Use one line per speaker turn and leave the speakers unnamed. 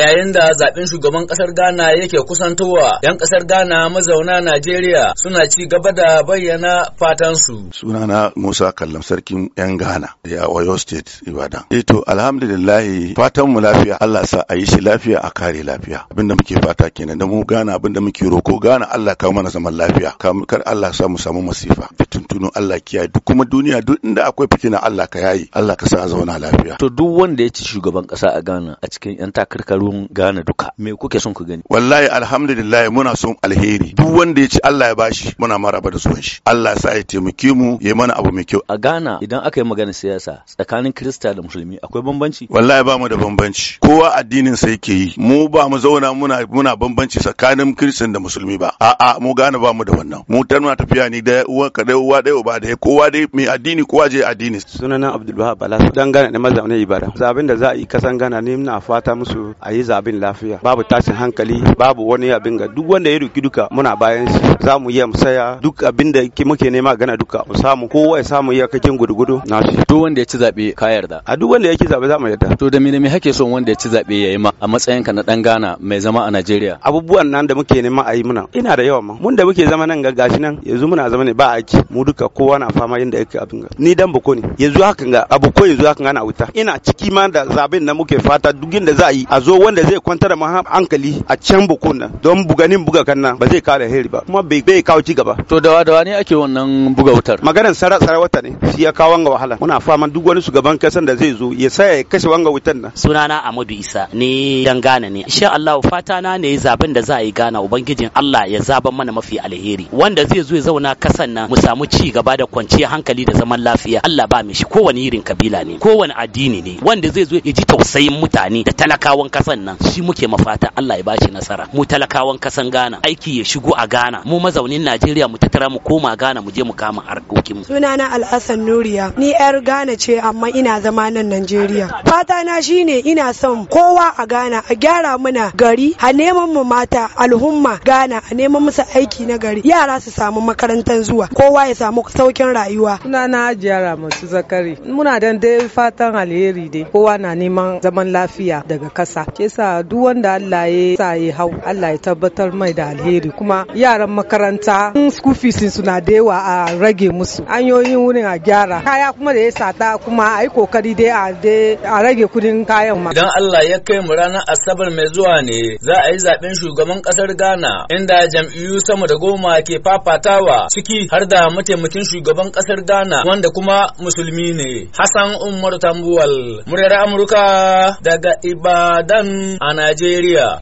yayin da zaben shugaban kasar Ghana yake kusantowa, 'yan kasar Ghana mazauna Najeriya suna ci gaba da bayyana fatansu.
Sunana Musa Kallam sarkin 'yan Ghana a Oyo State Ibadan. Eh to alhamdulillah fatan mu lafiya Allah sa a yi shi lafiya a kare lafiya. Abinda muke fata kenan da mu Ghana abinda muke roko Ghana Allah kawo mana zaman lafiya. Kar Allah sa mu samu masifa. Fitintunu Allah kiyaye duk kuma duniya duk inda akwai fitina Allah ka yayi. Allah ka sa zauna lafiya.
To duk wanda ya ci shugaban kasa a Ghana a cikin 'yan takarkaru
kun gane duka
me kuke son ku gani
wallahi alhamdulillah muna son alheri duk wanda ya ci Allah ya bashi muna maraba da son shi Allah sa ya taimake mu ya mana abu mai kyau a Ghana idan aka yi magana
siyasa tsakanin Kirista da Musulmi akwai bambanci wallahi ba mu da
bambanci kowa addinin sa yake yi mu ba mu zauna muna muna bambanci tsakanin Kiristan da Musulmi ba a'a mu Ghana ba mu da wannan mu ta muna tafiya ni da uwa ka da uwa da uba da kowa dai mai addini kowa je addini
sunana Abdul Wahab Bala dan Ghana da mazauna Ibada zabin da za a yi kasan Ghana ne muna fata musu a yi yi zaben lafiya babu tashin hankali babu wani abin ga duk wanda ya duki duka muna bayan shi za mu iya musaya duk abin da muke nema gana duka mu samu kowa ya samu iya kakin gudugudu na shi duk wanda ya ci zabe ka yarda a duk wanda ya ci zabe za mu yarda to da me me hake son wanda ya ci zabe yayi ma a matsayin ka na dan Ghana mai zama a Najeriya abubuwan nan da muke nema a yi muna ina da yawa ma mun da muke zama nan ga gashi nan yanzu muna zama ne ba aiki mu duka kowa na fama yanda yake abin ga ni dan bako ne yanzu haka ga abu ko yanzu haka ana wuta ina ciki ma da zaben da muke fata duk inda za a yi a zo wanda zai kwantar ma hankali a can bukuna don buganin buga kanna ba zai kare heri ba kuma bai kawo ci gaba to dawa dawa ne ake wannan buga wutar maganar sara wata ne shi ya kawo wanga wahala muna fama duk wani shugaban kasan da zai zo ya saya ya kashe wanga wutar nan
sunana Amadu Isa ne dan Gana ne insha Allah fata na ne zaben da za a yi gana ubangijin Allah ya zaban mana mafi alheri wanda zai zo ya zauna kasan nan mu samu ci gaba da kwanciyar hankali da zaman lafiya Allah ba mishi kowane irin kabila ne kowane addini ne wanda zai zo ya ji tausayin mutane da talakawan kasa gaban nan shi muke mafata Allah ya bashi nasara mu talakawan kasan Ghana aiki ya shigo a Ghana mu mazaunin Najeriya mu tattara mu koma Ghana mu je mu kama harkokin mu
sunana Alhassan Nuriya ni yar Ghana ce amma ina zama nan Najeriya fata na shine ina son kowa a Ghana a gyara mana gari a neman mu mata al'umma Ghana a neman musu aiki na gari yara su samu makarantar zuwa kowa ya samu saukin rayuwa sunana Hajiya Ramatu Zakari muna dan dai fatan alheri dai kowa na neman zaman lafiya daga kasa Ke sa duk wanda Allah ya sa ya hau Allah ya tabbatar mai da alheri kuma yaran makaranta school fees suna da yawa a rage musu. Hanyoyin wurin a gyara. Kaya kuma da ya sata kuma a yi kokari dai a rage kudin kayan ma. Idan Allah
ya kai mu ranar Asabar mai zuwa ne za a yi zaben shugaban kasar Ghana inda jam'iyyu sama da goma ke fafatawa ciki har da mataimakin shugaban kasar Ghana wanda kuma musulmi ne. Hassan Umar Tambuwal, murera Amurka daga Ibadan. And Nigeria.